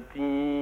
tim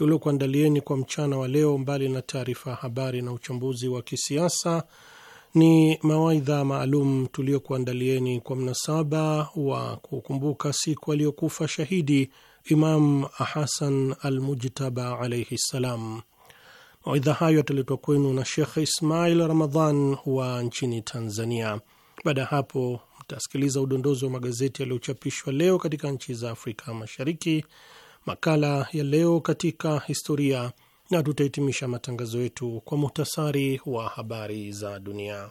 tuliokuandalieni kwa mchana wa leo, mbali na taarifa ya habari na uchambuzi wa kisiasa, ni mawaidha maalum tuliokuandalieni kwa mnasaba wa kukumbuka siku aliyokufa shahidi Imam Hasan Almujtaba alaihi ssalam. Mawaidha hayo yataletwa kwenu na Shekh Ismail Ramadhan wa nchini Tanzania. Baada ya hapo, mtasikiliza udondozi wa magazeti yaliyochapishwa leo katika nchi za Afrika Mashariki makala ya leo katika historia, na tutahitimisha matangazo yetu kwa muhtasari wa habari za dunia.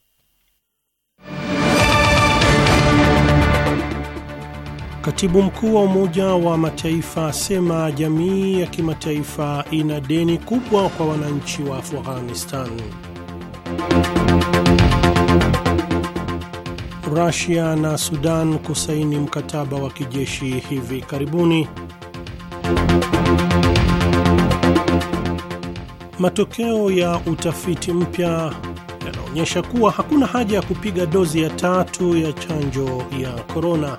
Katibu mkuu wa Umoja wa Mataifa asema jamii ya kimataifa ina deni kubwa kwa wananchi wa Afghanistan. Rusia na Sudan kusaini mkataba wa kijeshi hivi karibuni. Matokeo ya utafiti mpya yanaonyesha kuwa hakuna haja ya kupiga dozi ya tatu ya chanjo ya korona.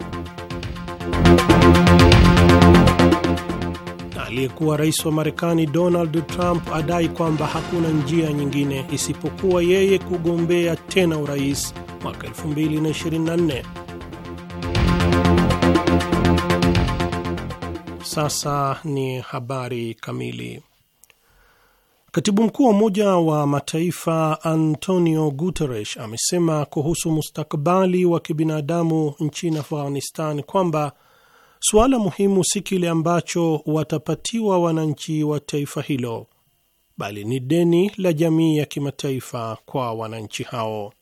Aliyekuwa rais wa Marekani Donald Trump adai kwamba hakuna njia nyingine isipokuwa yeye kugombea tena urais mwaka 2024. Sasa ni habari kamili. Katibu mkuu wa Umoja wa Mataifa Antonio Guterres amesema kuhusu mustakabali wa kibinadamu nchini Afghanistan kwamba suala muhimu si kile ambacho watapatiwa wananchi wa taifa hilo, bali ni deni la jamii ya kimataifa kwa wananchi hao.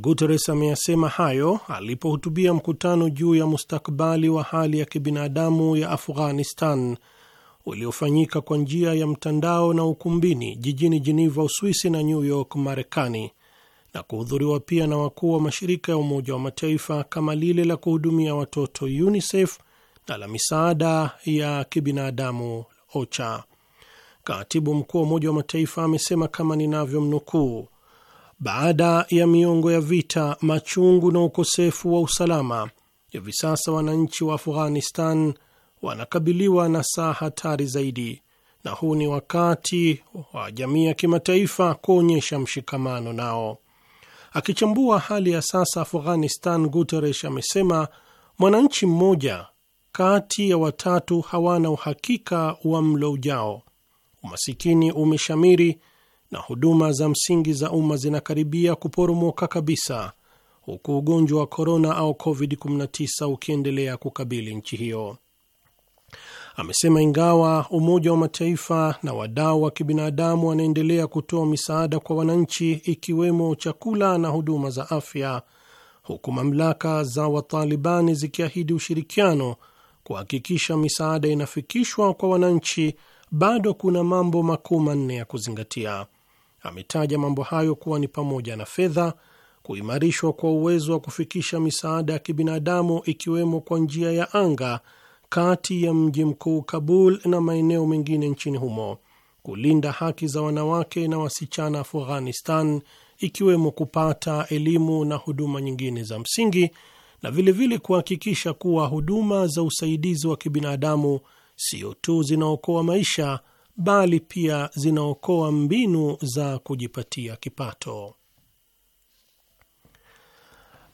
Guterres ameyasema hayo alipohutubia mkutano juu ya mustakabali wa hali ya kibinadamu ya Afghanistan uliofanyika kwa njia ya mtandao na ukumbini jijini Geneva, Uswisi na New York, Marekani, na kuhudhuriwa pia na wakuu wa mashirika ya Umoja wa Mataifa kama lile la kuhudumia watoto UNICEF na la misaada ya kibinadamu OCHA. Katibu mkuu wa Umoja wa Mataifa amesema kama ninavyomnukuu, baada ya miongo ya vita, machungu na ukosefu wa usalama, hivi sasa wananchi wa Afghanistan wanakabiliwa na saa hatari zaidi, na huu ni wakati wa jamii ya kimataifa kuonyesha mshikamano nao. Akichambua hali ya sasa Afghanistan, Guterres amesema mwananchi mmoja kati ya watatu hawana uhakika wa mlo ujao, umasikini umeshamiri na huduma za msingi za umma zinakaribia kuporomoka kabisa, huku ugonjwa wa korona au COVID-19 ukiendelea kukabili nchi hiyo amesema ingawa Umoja wa Mataifa na wadau wa kibinadamu wanaendelea kutoa misaada kwa wananchi ikiwemo chakula na huduma za afya, huku mamlaka za Watalibani zikiahidi ushirikiano kuhakikisha misaada inafikishwa kwa wananchi, bado kuna mambo makuu manne ya kuzingatia. Ametaja mambo hayo kuwa ni pamoja na fedha, kuimarishwa kwa uwezo wa kufikisha misaada ya kibinadamu ikiwemo kwa njia ya anga kati ya mji mkuu Kabul na maeneo mengine nchini humo kulinda haki za wanawake na wasichana Afghanistan, ikiwemo kupata elimu na huduma nyingine za msingi na vilevile kuhakikisha kuwa huduma za usaidizi wa kibinadamu sio tu zinaokoa maisha bali pia zinaokoa mbinu za kujipatia kipato.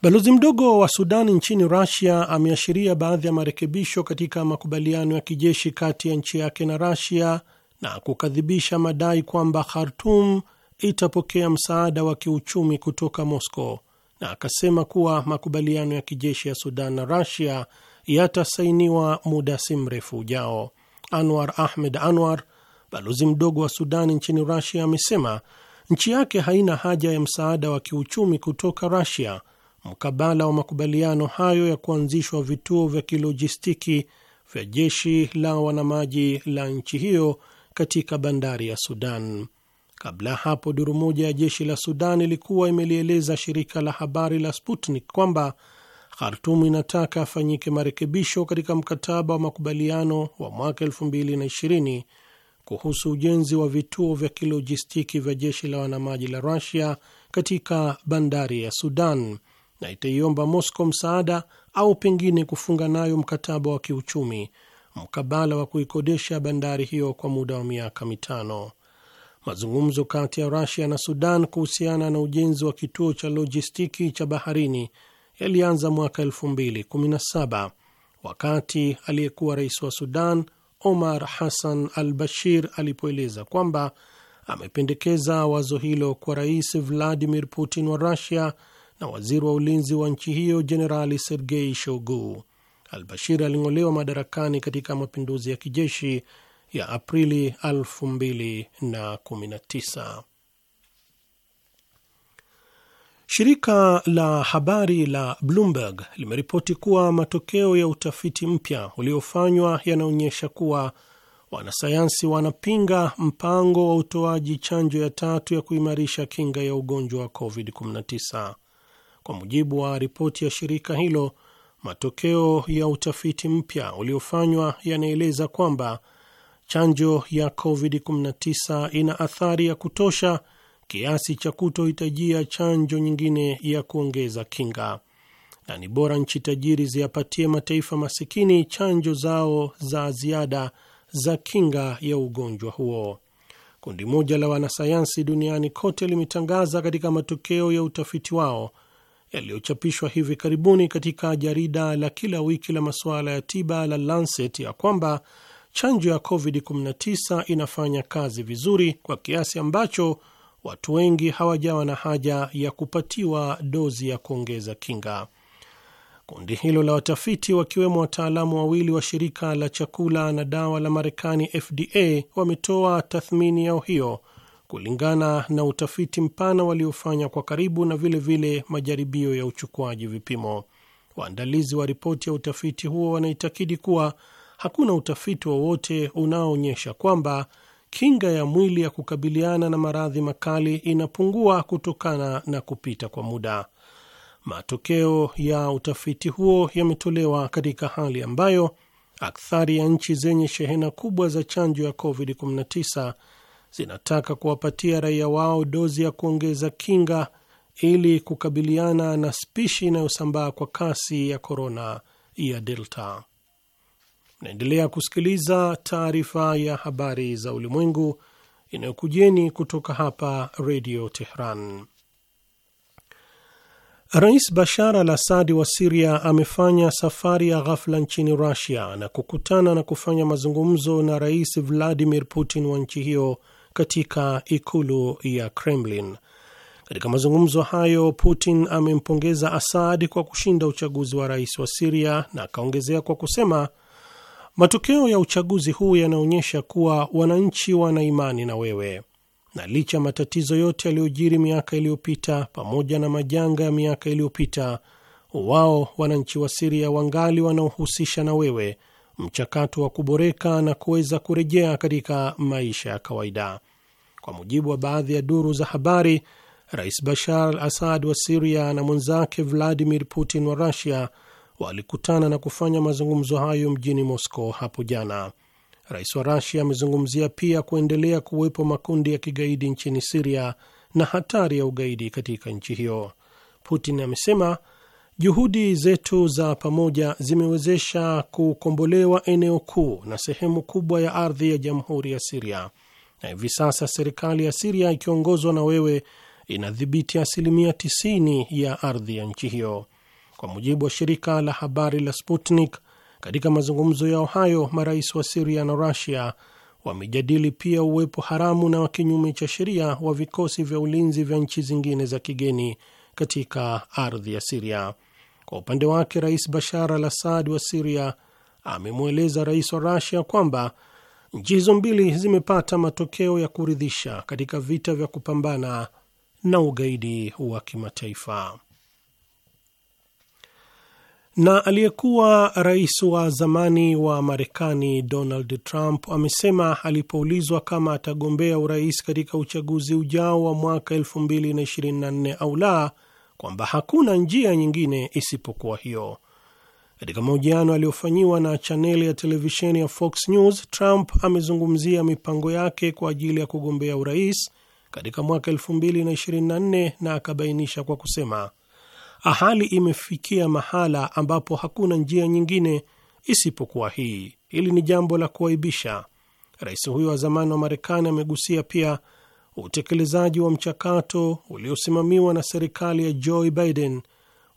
Balozi mdogo wa Sudani nchini Rasia ameashiria baadhi ya marekebisho katika makubaliano ya kijeshi kati ya nchi yake na Rasia na kukadhibisha madai kwamba Khartum itapokea msaada wa kiuchumi kutoka Moscow na akasema kuwa makubaliano ya kijeshi ya Sudan na Rasia yatasainiwa muda si mrefu ujao. Anwar Ahmed Anwar, balozi mdogo wa Sudani nchini Rasia, amesema nchi yake haina haja ya msaada wa kiuchumi kutoka Rasia mkabala wa makubaliano hayo ya kuanzishwa vituo vya kilojistiki vya jeshi la wanamaji la nchi hiyo katika bandari ya Sudan. Kabla hapo, duru moja ya jeshi la Sudan ilikuwa imelieleza shirika la habari la Sputnik kwamba Khartum inataka afanyike marekebisho katika mkataba wa makubaliano wa mwaka 2020 kuhusu ujenzi wa vituo vya kilojistiki vya jeshi la wanamaji la Rusia katika bandari ya Sudan na itaiomba Moscow msaada au pengine kufunga nayo mkataba wa kiuchumi mkabala wa kuikodesha bandari hiyo kwa muda wa miaka mitano. Mazungumzo kati ya Rusia na Sudan kuhusiana na ujenzi wa kituo cha lojistiki cha baharini yalianza mwaka 2017 wakati aliyekuwa rais wa Sudan Omar Hassan al Bashir alipoeleza kwamba amependekeza wazo hilo kwa Rais Vladimir Putin wa Rusia na waziri wa ulinzi wa nchi hiyo Jenerali Sergei Al Bashir aling'olewa madarakani katika mapinduzi ya kijeshi ya Aprili 2019. Shirika la habari la Bloomberg limeripoti kuwa matokeo ya utafiti mpya uliofanywa yanaonyesha kuwa wanasayansi wanapinga mpango wa utoaji chanjo ya tatu ya kuimarisha kinga ya ugonjwa wa COVID-19. Kwa mujibu wa ripoti ya shirika hilo, matokeo ya utafiti mpya uliofanywa yanaeleza kwamba chanjo ya COVID-19 ina athari ya kutosha kiasi cha kutohitajia chanjo nyingine ya kuongeza kinga na ni bora nchi tajiri ziyapatie mataifa masikini chanjo zao za ziada za kinga ya ugonjwa huo. Kundi moja la wanasayansi duniani kote limetangaza katika matokeo ya utafiti wao yaliyochapishwa hivi karibuni katika jarida la kila wiki la masuala ya tiba la Lancet ya kwamba chanjo ya COVID-19 inafanya kazi vizuri kwa kiasi ambacho watu wengi hawajawa na haja ya kupatiwa dozi ya kuongeza kinga. Kundi hilo la watafiti wakiwemo wataalamu wawili wa shirika la chakula na dawa la Marekani, FDA, wametoa tathmini yao hiyo kulingana na utafiti mpana waliofanya kwa karibu na vilevile vile majaribio ya uchukuaji vipimo. Waandalizi wa ripoti ya utafiti huo wanaitakidi kuwa hakuna utafiti wowote unaoonyesha kwamba kinga ya mwili ya kukabiliana na maradhi makali inapungua kutokana na kupita kwa muda. Matokeo ya utafiti huo yametolewa katika hali ambayo akthari ya nchi zenye shehena kubwa za chanjo ya COVID-19 zinataka kuwapatia raia wao dozi ya kuongeza kinga ili kukabiliana na spishi inayosambaa kwa kasi ya korona ya Delta. Naendelea kusikiliza taarifa ya habari za ulimwengu inayokujeni kutoka hapa Redio Tehran. Rais Bashar al Asadi wa Siria amefanya safari ya ghafla nchini Rusia na kukutana na kufanya mazungumzo na Rais Vladimir Putin wa nchi hiyo katika ikulu ya Kremlin. Katika mazungumzo hayo, Putin amempongeza Assad kwa kushinda uchaguzi wa rais wa Siria na akaongezea kwa kusema, matokeo ya uchaguzi huu yanaonyesha kuwa wananchi wana imani na wewe, na licha ya matatizo yote yaliyojiri miaka iliyopita pamoja na majanga ya miaka iliyopita, wao wananchi wa Siria wangali wanaohusisha na wewe mchakato wa kuboreka na kuweza kurejea katika maisha ya kawaida. Kwa mujibu wa baadhi ya duru za habari, Rais Bashar al Assad wa Siria na mwenzake Vladimir Putin wa Rusia walikutana na kufanya mazungumzo hayo mjini Moscow hapo jana. Rais wa Rusia amezungumzia pia kuendelea kuwepo makundi ya kigaidi nchini Siria na hatari ya ugaidi katika nchi hiyo. Putin amesema Juhudi zetu za pamoja zimewezesha kukombolewa eneo kuu na sehemu kubwa ya ardhi ya jamhuri ya Siria, na hivi sasa serikali ya Siria ikiongozwa na wewe inadhibiti asilimia 90 ya ardhi ya nchi hiyo, kwa mujibu wa shirika la habari la Sputnik. Katika mazungumzo yao hayo, marais wa Siria na Rusia wamejadili pia uwepo haramu na wa kinyume cha sheria wa vikosi vya ulinzi vya nchi zingine za kigeni katika ardhi ya Siria. Kwa upande wake, Rais Bashar al Assad wa Siria amemweleza rais wa Rasia kwamba nchi hizo mbili zimepata matokeo ya kuridhisha katika vita vya kupambana na ugaidi wa kimataifa. Na aliyekuwa rais wa zamani wa Marekani Donald Trump amesema alipoulizwa kama atagombea urais katika uchaguzi ujao wa mwaka 2024 au la kwamba hakuna njia nyingine isipokuwa hiyo. Katika mahojiano aliyofanyiwa na chaneli ya televisheni ya Fox News, Trump amezungumzia mipango yake kwa ajili ya kugombea urais katika mwaka 2024 na akabainisha kwa kusema, ahali imefikia mahala ambapo hakuna njia nyingine isipokuwa hii. Hili ni jambo la kuaibisha. Rais huyo wa zamani wa Marekani amegusia pia utekelezaji wa mchakato uliosimamiwa na serikali ya Joe Biden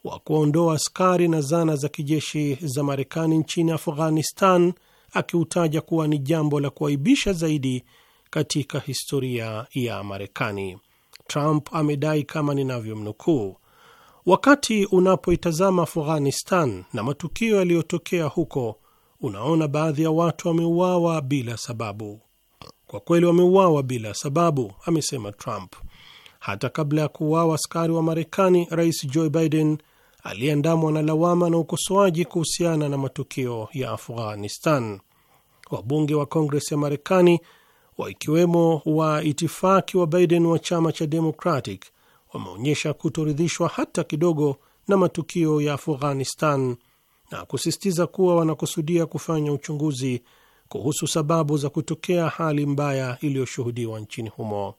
wa kuondoa askari na zana za kijeshi za Marekani nchini Afghanistan, akiutaja kuwa ni jambo la kuaibisha zaidi katika historia ya Marekani. Trump amedai kama ninavyomnukuu, wakati unapoitazama Afghanistan na matukio yaliyotokea huko, unaona baadhi ya watu wameuawa bila sababu kwa kweli wameuawa bila sababu, amesema Trump. Hata kabla ya kuuawa askari wa Marekani, Rais Joe Biden aliyeandamwa na lawama na ukosoaji kuhusiana na matukio ya Afghanistan. Wabunge wa Kongres ya Marekani waikiwemo wa itifaki wa Biden wa chama cha Democratic wameonyesha kutoridhishwa hata kidogo na matukio ya Afghanistan na kusisitiza kuwa wanakusudia kufanya uchunguzi kuhusu sababu za kutokea hali mbaya iliyoshuhudiwa nchini humo.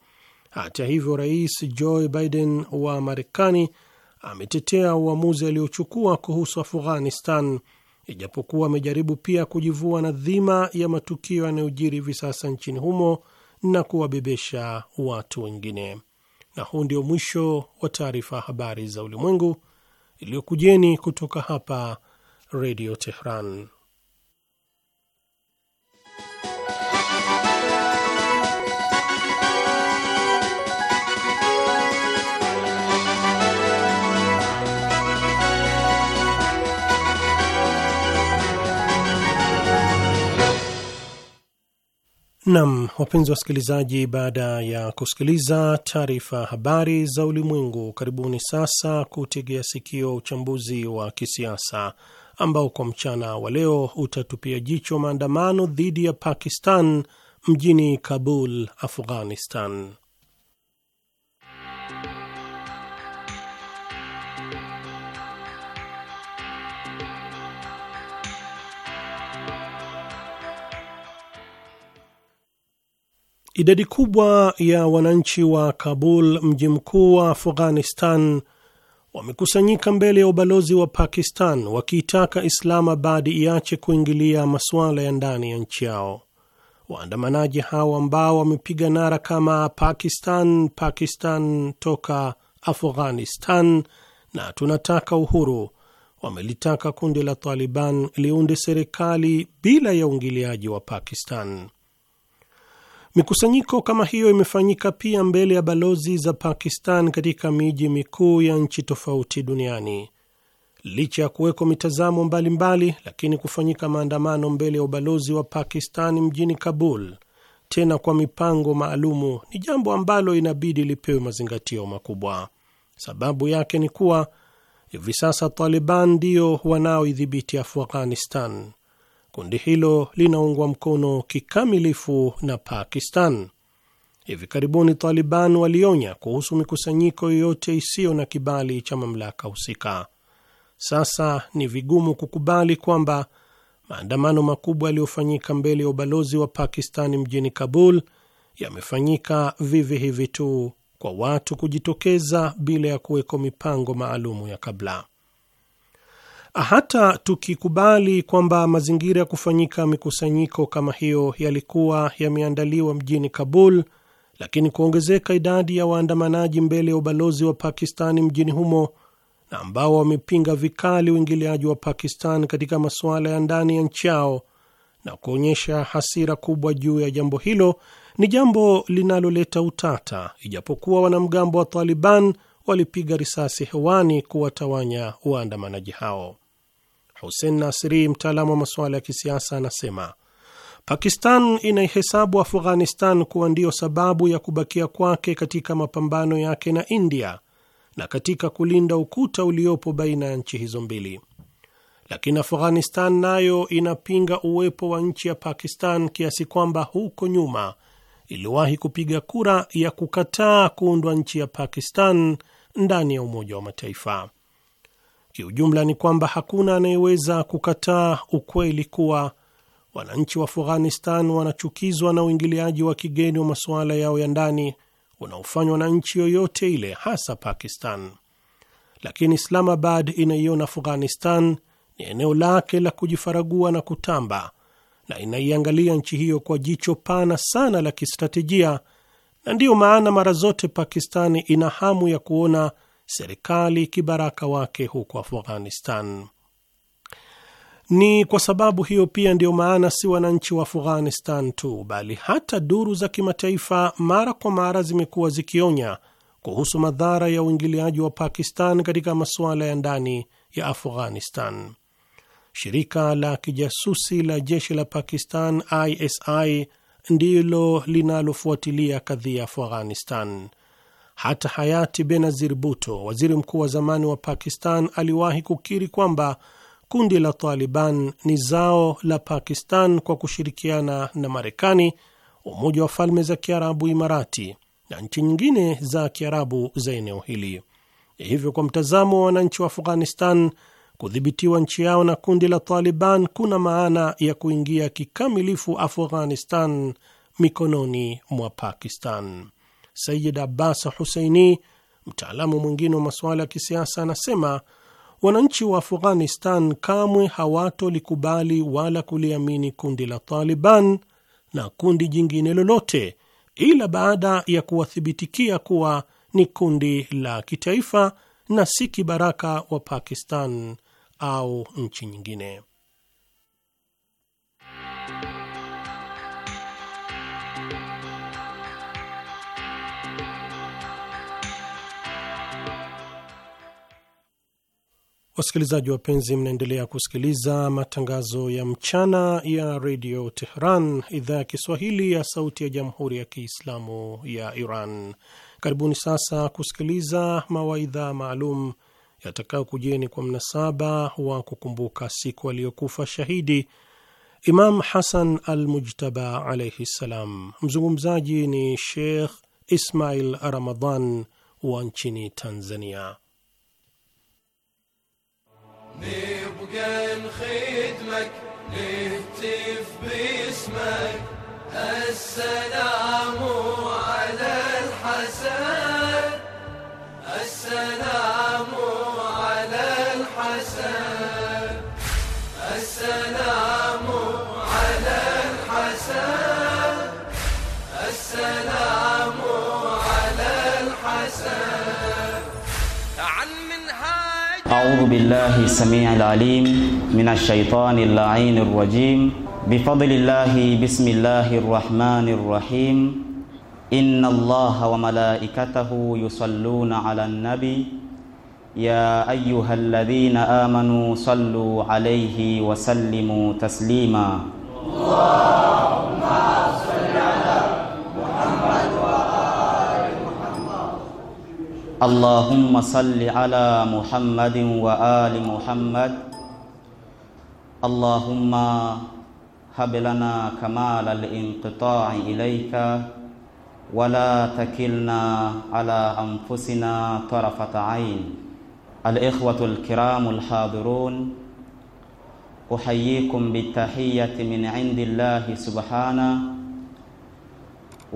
Hata hivyo, Rais Joe Biden wa Marekani ametetea uamuzi aliochukua kuhusu Afghanistan, ijapokuwa amejaribu pia kujivua na dhima ya matukio yanayojiri hivi sasa nchini humo na kuwabebesha watu wengine. Na huu ndio mwisho wa taarifa ya habari za ulimwengu iliyokujeni kutoka hapa Redio Tehran. Nam, wapenzi wasikilizaji, baada ya kusikiliza taarifa habari za ulimwengu, karibuni sasa kutegea sikio uchambuzi wa kisiasa ambao kwa mchana wa leo utatupia jicho maandamano dhidi ya Pakistan mjini Kabul, Afghanistan. Idadi kubwa ya wananchi wa Kabul, mji mkuu wa Afghanistan, wamekusanyika mbele ya ubalozi wa Pakistan wakiitaka Islamabad iache kuingilia masuala ya ndani ya nchi yao. Waandamanaji hao ambao wamepiga nara kama Pakistan, Pakistan toka Afghanistan na tunataka uhuru, wamelitaka kundi la Taliban liunde serikali bila ya uingiliaji wa Pakistan. Mikusanyiko kama hiyo imefanyika pia mbele ya balozi za Pakistan katika miji mikuu ya nchi tofauti duniani. Licha ya kuwekwa mitazamo mbalimbali mbali, lakini kufanyika maandamano mbele ya ubalozi wa Pakistan mjini Kabul, tena kwa mipango maalumu, ni jambo ambalo inabidi lipewe mazingatio makubwa. Sababu yake ni kuwa hivi sasa Taliban ndio wanaoidhibiti Afghanistan kundi hilo linaungwa mkono kikamilifu na Pakistan. Hivi karibuni Taliban walionya kuhusu mikusanyiko yoyote isiyo na kibali cha mamlaka husika. Sasa ni vigumu kukubali kwamba maandamano makubwa yaliyofanyika mbele ya ubalozi wa Pakistan mjini Kabul yamefanyika vivi hivi tu kwa watu kujitokeza bila ya kuweko mipango maalumu ya kabla. Hata tukikubali kwamba mazingira ya kufanyika mikusanyiko kama hiyo yalikuwa yameandaliwa mjini Kabul, lakini kuongezeka idadi ya waandamanaji mbele ya ubalozi wa Pakistani mjini humo na ambao wamepinga vikali uingiliaji wa Pakistan katika masuala ya ndani ya nchi yao na kuonyesha hasira kubwa juu ya jambo hilo ni jambo linaloleta utata, ijapokuwa wanamgambo wa Taliban walipiga risasi hewani kuwatawanya waandamanaji hao. Hussein Nasri, mtaalamu wa masuala ya kisiasa, anasema Pakistan inaihesabu Afghanistan kuwa ndiyo sababu ya kubakia kwake katika mapambano yake na India na katika kulinda ukuta uliopo baina ya nchi hizo mbili, lakini Afghanistan nayo inapinga uwepo wa nchi ya Pakistan kiasi kwamba huko nyuma iliwahi kupiga kura ya kukataa kuundwa nchi ya Pakistan ndani ya Umoja wa Mataifa. Kiujumla ni kwamba hakuna anayeweza kukataa ukweli kuwa wananchi wa Afghanistan wanachukizwa na uingiliaji wa kigeni wa masuala yao ya ndani unaofanywa na nchi yoyote ile, hasa Pakistan. Lakini Islamabad inaiona Afghanistan ni eneo lake la kujifaragua na kutamba, na inaiangalia nchi hiyo kwa jicho pana sana la kistratejia, na ndiyo maana mara zote Pakistani ina hamu ya kuona serikali kibaraka wake huko Afghanistan. Ni kwa sababu hiyo pia ndiyo maana si wananchi wa Afghanistan tu bali hata duru za kimataifa mara kwa mara zimekuwa zikionya kuhusu madhara ya uingiliaji wa Pakistan katika masuala ya ndani ya Afghanistan. Shirika la kijasusi la jeshi la Pakistan ISI ndilo linalofuatilia kadhia Afghanistan. Hata hayati Benazir Bhutto, waziri mkuu wa zamani wa Pakistan, aliwahi kukiri kwamba kundi la Taliban ni zao la Pakistan kwa kushirikiana na Marekani, Umoja wa Falme za Kiarabu Imarati na nchi nyingine za Kiarabu za eneo hili. Hivyo, kwa mtazamo wa wananchi wa Afghanistan, kudhibitiwa nchi yao na kundi la Taliban kuna maana ya kuingia kikamilifu Afghanistan mikononi mwa Pakistan. Sayid Abbas Huseini, mtaalamu mwingine wa masuala ya kisiasa, anasema wananchi wa Afghanistan kamwe hawatolikubali wala kuliamini kundi la Taliban na kundi jingine lolote ila baada ya kuwathibitikia kuwa ni kundi la kitaifa na si kibaraka wa Pakistan au nchi nyingine. Wasikilizaji wapenzi, mnaendelea kusikiliza matangazo ya mchana ya redio Tehran, idhaa ya Kiswahili ya sauti ya jamhuri ya kiislamu ya Iran. Karibuni sasa kusikiliza mawaidha maalum yatakayokujieni kwa mnasaba wa kukumbuka siku aliyokufa shahidi Imam Hasan al Mujtaba alaihi ssalam. Mzungumzaji ni Sheikh Ismail Ramadhan wa nchini Tanzania. نبقى نخدمك نهتف باسمك السلام أعوذ بالله السميع العليم من الشيطان اللعين الرجيم بفضل الله بسم الله الرحمن الرحيم إن الله وملائكته يصلون على النبي يا أيها الذين آمنوا صلوا عليه وسلموا تسليما الله اللهم صل على محمد وآل محمد اللهم هب لنا كمال الانقطاع إليك ولا تكلنا على أنفسنا طرفة عين الإخوة الكرام الحاضرون أحييكم بالتحية من عند الله سبحانه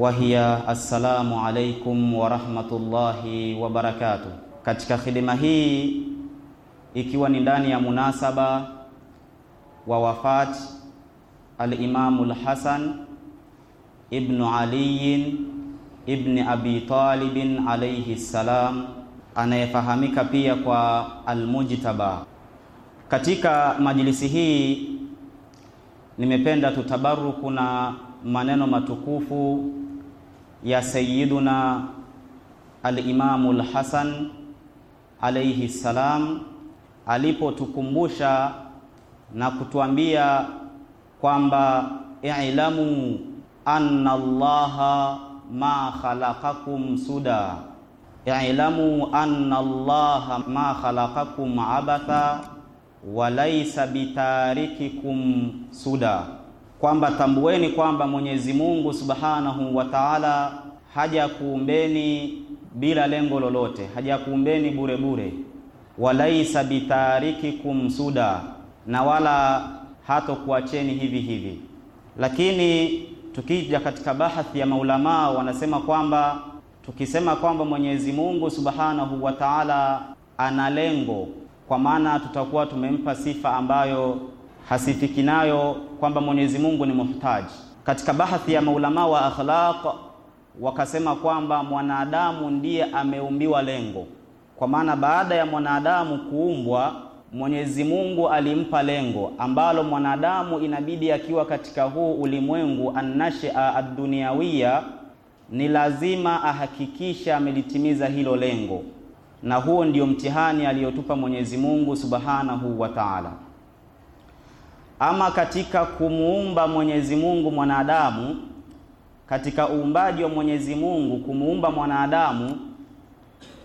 hiya assalamu alaikum warahmatullahi wabarakatuh. Katika khidma hii ikiwa ni ndani ya munasaba wa wafat alimamu lhasan ibnu aliyin ibni abi Talib alayhi salam anayefahamika pia kwa al-Mujtaba. Katika majlisi hii nimependa tutabaruku na maneno matukufu ya Sayyiduna al-Imamu al-Hasan alayhi salam alipotukumbusha na kutuambia kwamba i'lamu anna Allaha ma khalaqakum suda i'lamu anna Allaha ma khalaqakum abatha wa bitarikikum suda kwamba tambueni kwamba Mwenyezi Mungu Subhanahu wa Ta'ala hajakuumbeni bila lengo lolote, hajakuumbeni bure bure, walaisa bitarikikum suda, na wala hatokuacheni hivi hivi. Lakini tukija katika bahathi ya maulamaa wanasema kwamba tukisema kwamba Mwenyezi Mungu Subhanahu wa Ta'ala ana lengo, kwa maana tutakuwa tumempa sifa ambayo hasifiki nayo kwamba Mwenyezi Mungu ni muhtaji. Katika bahathi ya maulama wa akhlaq wakasema kwamba mwanadamu ndiye ameumbiwa lengo, kwa maana baada ya mwanadamu kuumbwa Mwenyezi Mungu alimpa lengo ambalo mwanadamu inabidi akiwa katika huu ulimwengu annashaa adduniawiya, ni lazima ahakikishe amelitimiza hilo lengo, na huo ndio mtihani aliyotupa Mwenyezi Mungu Subhanahu wa Ta'ala ama katika kumuumba Mwenyezi Mungu mwanadamu, katika uumbaji wa Mwenyezi Mungu kumuumba mwanadamu,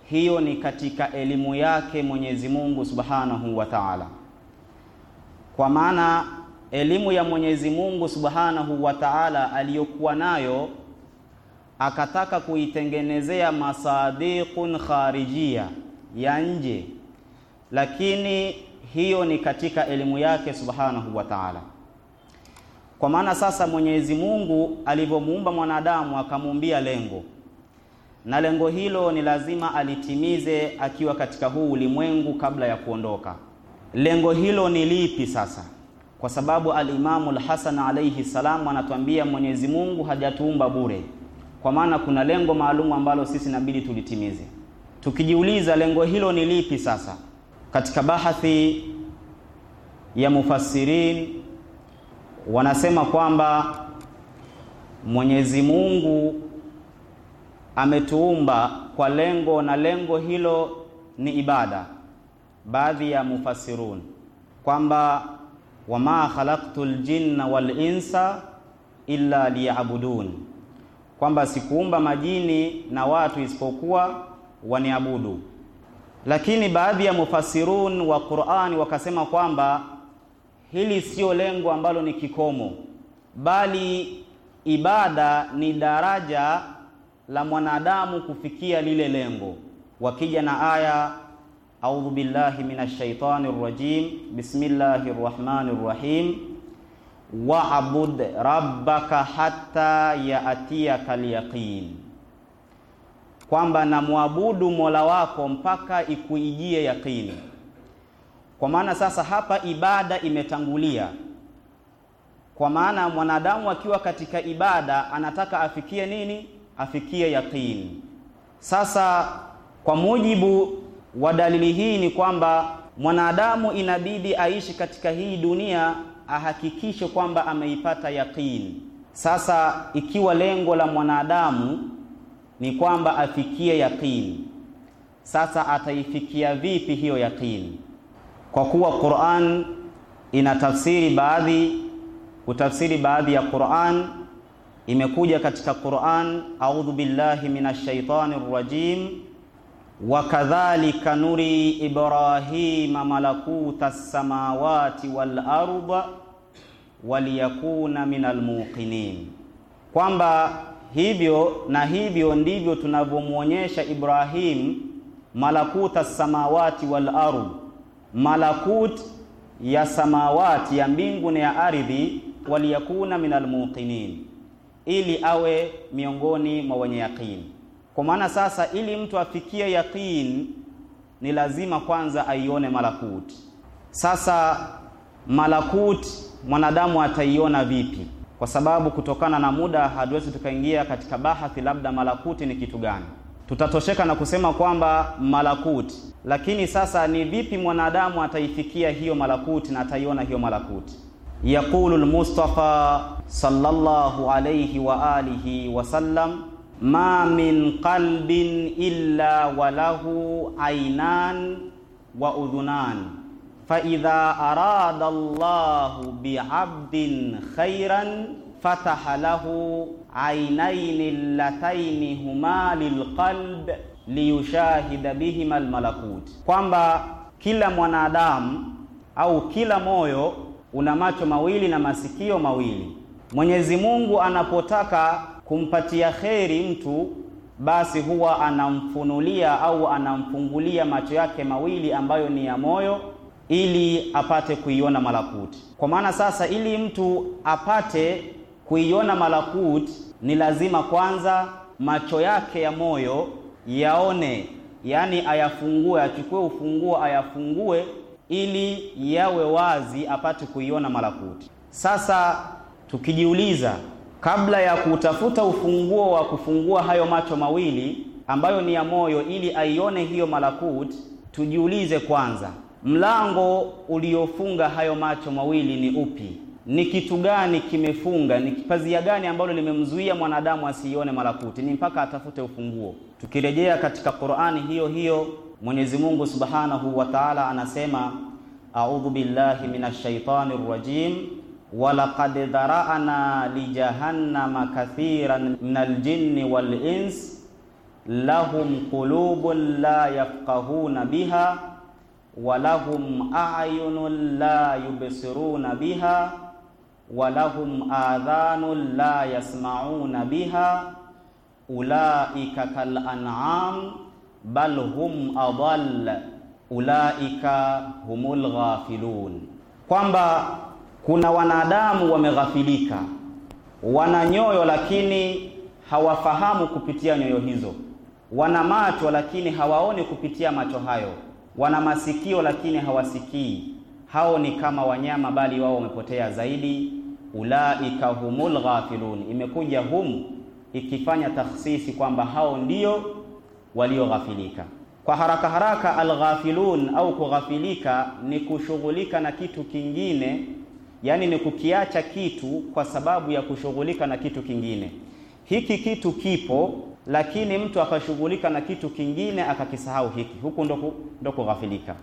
hiyo ni katika elimu yake Mwenyezi Mungu Subhanahu wa Ta'ala, kwa maana elimu ya Mwenyezi Mungu Subhanahu wa Ta'ala aliyokuwa nayo akataka kuitengenezea masadiqun kharijia ya nje, lakini hiyo ni katika elimu yake subhanahu wa ta'ala. Kwa maana sasa Mwenyezi Mungu alivyomuumba mwanadamu akamuumbia lengo, na lengo hilo ni lazima alitimize akiwa katika huu ulimwengu kabla ya kuondoka. Lengo hilo ni lipi sasa? Kwa sababu Alimamu Alhasan alaihi salam anatuambia Mwenyezi Mungu hajatuumba bure, kwa maana kuna lengo maalumu ambalo sisi inabidi tulitimize. Tukijiuliza lengo hilo ni lipi sasa katika bahathi ya mufassirin wanasema kwamba Mwenyezi Mungu ametuumba kwa lengo na lengo hilo ni ibada. Baadhi ya mufassirun kwamba wama khalaqtul jinna wal insa illa liyabudun, kwamba sikuumba majini na watu isipokuwa waniabudu. Lakini baadhi ya mufasirun wa Qur'ani wakasema kwamba hili sio lengo ambalo ni kikomo, bali ibada ni daraja la mwanadamu kufikia lile lengo. Wakija na aya audhu billahi minash shaitani rrajim bismillahir rahmanir rahim wa'bud rabbaka hatta yaatiyakal yaqin kwamba namwabudu Mola wako mpaka ikuijie yakini. Kwa maana sasa hapa ibada imetangulia, kwa maana mwanadamu akiwa katika ibada anataka afikie nini? Afikie yakini. Sasa kwa mujibu wa dalili hii ni kwamba mwanadamu inabidi aishi katika hii dunia ahakikishe kwamba ameipata yakini. Sasa ikiwa lengo la mwanadamu ni kwamba afikie yaqini. Sasa ataifikia vipi hiyo yaqini? Kwa kuwa Qur'an ina tafsiri baadhi, utafsiri baadhi ya Qur'an imekuja katika Qur'an, a'udhu billahi minash shaitani rrajim wa kadhalika nuri Ibrahima malakuta samawati wal arda waliyakuna minal muqinin, kwamba hivyo na hivyo ndivyo tunavyomwonyesha Ibrahim malakuta samawati wal ardh, malakut ya samawati ya mbingu na ya ardhi, waliyakuna minal muqinin, ili awe miongoni mwa wenye yaqini. Kwa maana sasa, ili mtu afikie yaqini ni lazima kwanza aione malakut. Sasa malakut mwanadamu ataiona vipi? kwa sababu kutokana na muda hatuwezi tukaingia katika bahathi labda malakuti ni kitu gani. Tutatosheka na kusema kwamba malakuti, lakini sasa ni vipi mwanadamu ataifikia hiyo malakuti na ataiona hiyo malakuti? Yaqulu lmustafa sallallahu alayhi wa alihi wasallam ma min qalbin illa walahu ainan wa udhunan faidha arada Allahu biabdin khairan fataha lahu ainaini llataini huma lilqalb liyushahida bihima almalakut, kwamba kila mwanadamu au kila moyo una macho mawili na masikio mawili. Mwenyezi Mungu anapotaka kumpatia kheri mtu basi huwa anamfunulia au anamfungulia macho yake mawili ambayo ni ya moyo ili apate kuiona malakuti. Kwa maana sasa, ili mtu apate kuiona malakuti ni lazima kwanza macho yake ya moyo yaone, yaani ayafungue, achukue ufunguo ayafungue, ili yawe wazi apate kuiona malakuti. Sasa tukijiuliza, kabla ya kutafuta ufunguo wa kufungua hayo macho mawili ambayo ni ya moyo, ili aione hiyo malakuti, tujiulize kwanza mlango uliofunga hayo macho mawili ni upi? Ni kitu gani kimefunga? Ni pazia gani ambalo limemzuia mwanadamu asiione malakuti? Ni mpaka atafute ufunguo. Tukirejea katika Qur'ani hiyo hiyo, Mwenyezi Mungu Subhanahu wa Ta'ala anasema, a'udhu billahi minash shaitani rrajim walaqad dhara'na lijahannama kathiran minal jinni wal ins lahum qulubun la yafqahuna biha walahum ayunun la yubsiruna biha walahum adhanun la yasmauna biha ulaika kal an'am bal hum adall ulaika humul ghafilun, kwamba kuna wanadamu wameghafilika, wana nyoyo lakini hawafahamu kupitia nyoyo hizo, wana macho lakini hawaoni kupitia macho hayo wana masikio lakini hawasikii, hao ni kama wanyama, bali wao wamepotea zaidi. Ulaika humul ghafilun, imekuja hum ikifanya takhsisi kwamba hao ndio walioghafilika. Kwa haraka haraka, alghafilun au kughafilika ni kushughulika na kitu kingine, yani ni kukiacha kitu kwa sababu ya kushughulika na kitu kingine. Hiki kitu kipo lakini mtu akashughulika na kitu kingine akakisahau hiki, huku ndo kughafilika.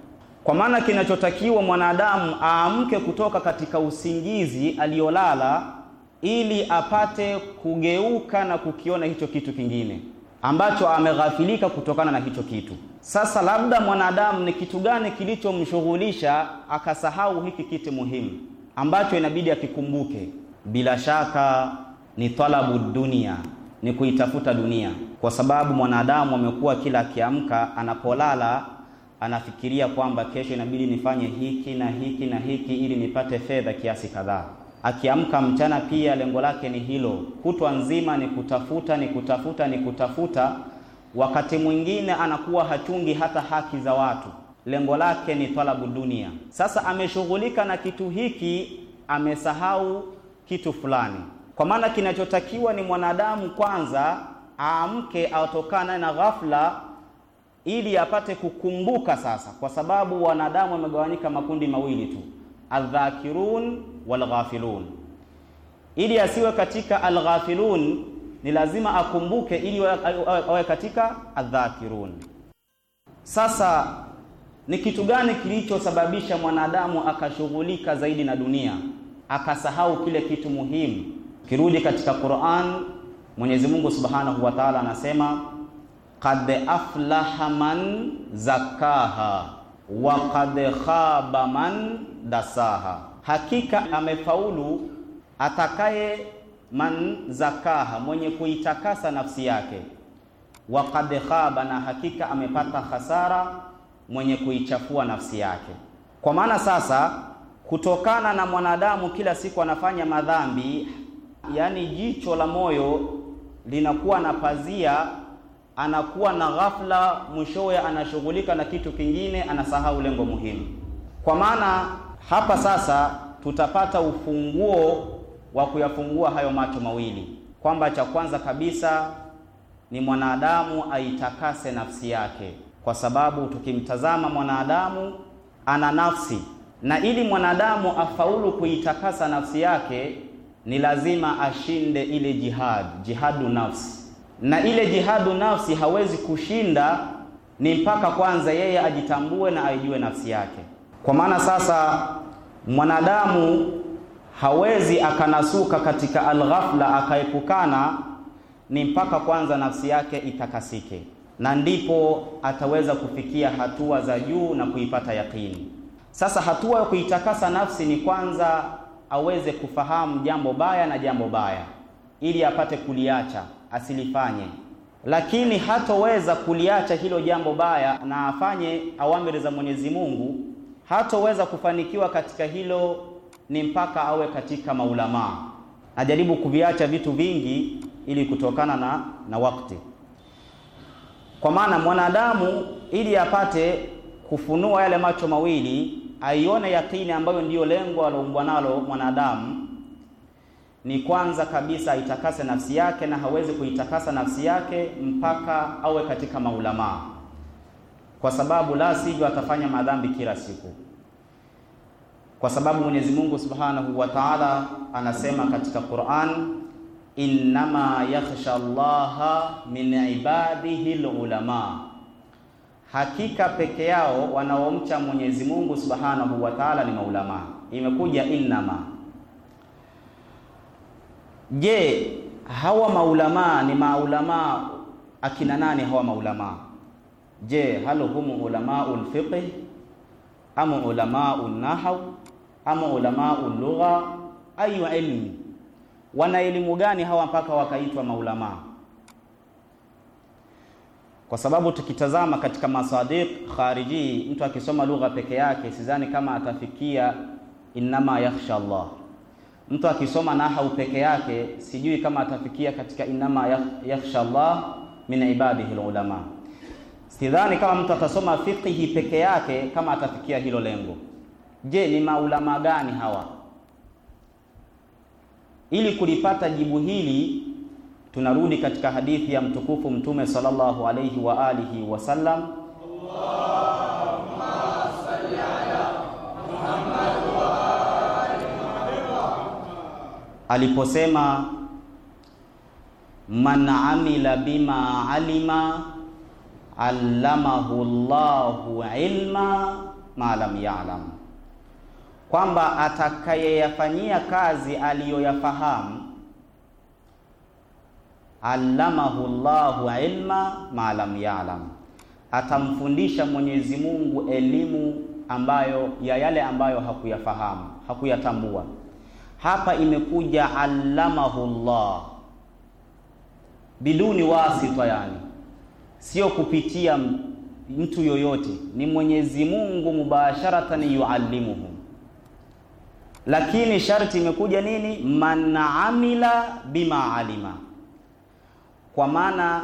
Kwa maana kinachotakiwa mwanadamu aamke kutoka katika usingizi aliyolala, ili apate kugeuka na kukiona hicho kitu kingine ambacho ameghafilika kutokana na hicho kitu. Sasa labda mwanadamu ni kitu gani kilichomshughulisha akasahau hiki kitu muhimu ambacho inabidi akikumbuke? Bila shaka ni talabu dunia ni kuitafuta dunia, kwa sababu mwanadamu amekuwa kila akiamka, anapolala anafikiria kwamba kesho inabidi nifanye hiki na hiki na hiki ili nipate fedha kiasi kadhaa. Akiamka mchana pia lengo lake ni hilo, kutwa nzima ni kutafuta, ni kutafuta, ni kutafuta. Wakati mwingine anakuwa hachungi hata haki za watu, lengo lake ni talabu dunia. Sasa ameshughulika na kitu hiki, amesahau kitu fulani. Kwa maana kinachotakiwa ni mwanadamu kwanza aamke atokana na ghafla, ili apate kukumbuka sasa, kwa sababu wanadamu wamegawanyika makundi mawili tu, aldhakirun walghafilun. Ili asiwe katika alghafilun, ni lazima akumbuke ili awe katika aldhakirun. Sasa ni kitu gani kilichosababisha mwanadamu akashughulika zaidi na dunia akasahau kile kitu muhimu Kirudi katika Qur'an, Mwenyezi Mungu Subhanahu wa Ta'ala anasema qad aflaha man zakaha wa qad khaba man dasaha, hakika amefaulu atakaye man zakaha, mwenye kuitakasa nafsi yake, wa qad khaba, na hakika amepata hasara mwenye kuichafua nafsi yake. Kwa maana sasa, kutokana na mwanadamu kila siku anafanya madhambi yaani jicho la moyo linakuwa na pazia, anakuwa na ghafla, mwishowe anashughulika na kitu kingine, anasahau lengo muhimu. Kwa maana hapa sasa tutapata ufunguo wa kuyafungua hayo macho mawili, kwamba cha kwanza kabisa ni mwanadamu aitakase nafsi yake, kwa sababu tukimtazama mwanadamu ana nafsi, na ili mwanadamu afaulu kuitakasa nafsi yake ni lazima ashinde ile jihad, jihadu nafsi, na ile jihadu nafsi hawezi kushinda ni mpaka kwanza yeye ajitambue na aijue nafsi yake. Kwa maana sasa mwanadamu hawezi akanasuka katika alghafla akaepukana, ni mpaka kwanza nafsi yake itakasike, na ndipo ataweza kufikia hatua za juu na kuipata yaqini Sasa hatua ya kuitakasa nafsi ni kwanza aweze kufahamu jambo baya na jambo baya, ili apate kuliacha asilifanye, lakini hatoweza kuliacha hilo jambo baya na afanye awamri za Mwenyezi Mungu, hatoweza kufanikiwa katika hilo ni mpaka awe katika maulamaa. Ajaribu kuviacha vitu vingi ili kutokana na, na wakati, kwa maana mwanadamu ili apate kufunua yale macho mawili aione yakini ambayo ndiyo lengo aloumbwa nalo mwanadamu ni kwanza kabisa aitakase nafsi yake, na hawezi kuitakasa nafsi yake mpaka awe katika maulamaa, kwa sababu la sivyo atafanya madhambi kila siku, kwa sababu Mwenyezi Mungu Subhanahu wa Ta'ala anasema katika Qur'an, innama yakhsha llaha min ibadihi lulamaa hakika peke yao wanaomcha Mwenyezi Mungu Subhanahu wa Ta'ala ni maulama. Imekuja innama. Je, hawa maulama ni maulama akina nani hawa maulama? Je, hal hum ulamaul fiqh am ulama nahw am ulamaul lugha ayu ilmi? Wana elimu gani hawa mpaka wakaitwa maulama? kwa sababu tukitazama katika masadiq khariji, mtu akisoma lugha peke yake sidhani kama atafikia innama yakhsha Allah. Mtu akisoma nahau peke yake sijui kama atafikia katika innama yakhsha Allah min ibadihi alulama. Sidhani kama mtu atasoma fiqhi peke yake kama atafikia hilo lengo. Je, ni maulama gani hawa? Ili kulipata jibu hili tunarudi katika hadithi ya mtukufu Mtume sallallahu alayhi wa alihi wa sallam aliposema man amila bima alima allamahu Allahu ilma ma lam ya'lam, kwamba atakayeyafanyia kazi aliyoyafahamu allamahu llahu ilma ma lam yalam, atamfundisha Mwenyezi Mungu elimu ambayo ya yale ambayo hakuyafahamu hakuyatambua. Hapa imekuja allamahu llah biduni wasita, yani sio kupitia mtu yoyote, ni Mwenyezi Mungu mubasharatan yuallimuhu lakini sharti imekuja nini? man amila bima alima kwa maana